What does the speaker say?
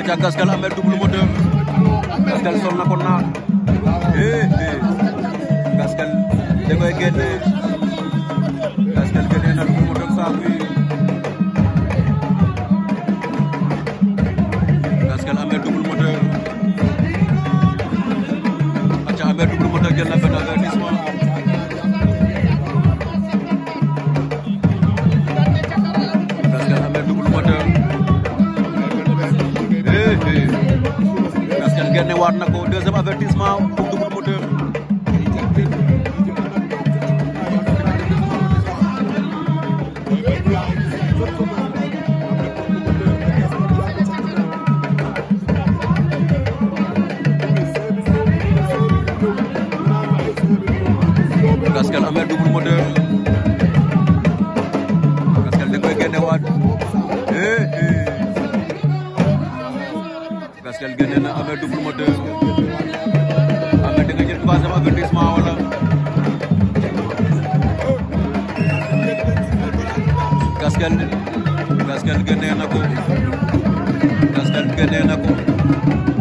aca Gaskel Ameth double moteur Gaskel sol na ko naak eh eh Gaskel da ngay génne Gaskel génne sapi, double moteur saaku yi Gaskel Ameth double moteur aca Ameth double moteur jël na benn avertissement génne waat na ko deuxième avertissement pour double moteur Gaskel amee double moteur Gaskel da koy génne waat Gaskel génne na Ameth double moteur Ameth da nga ko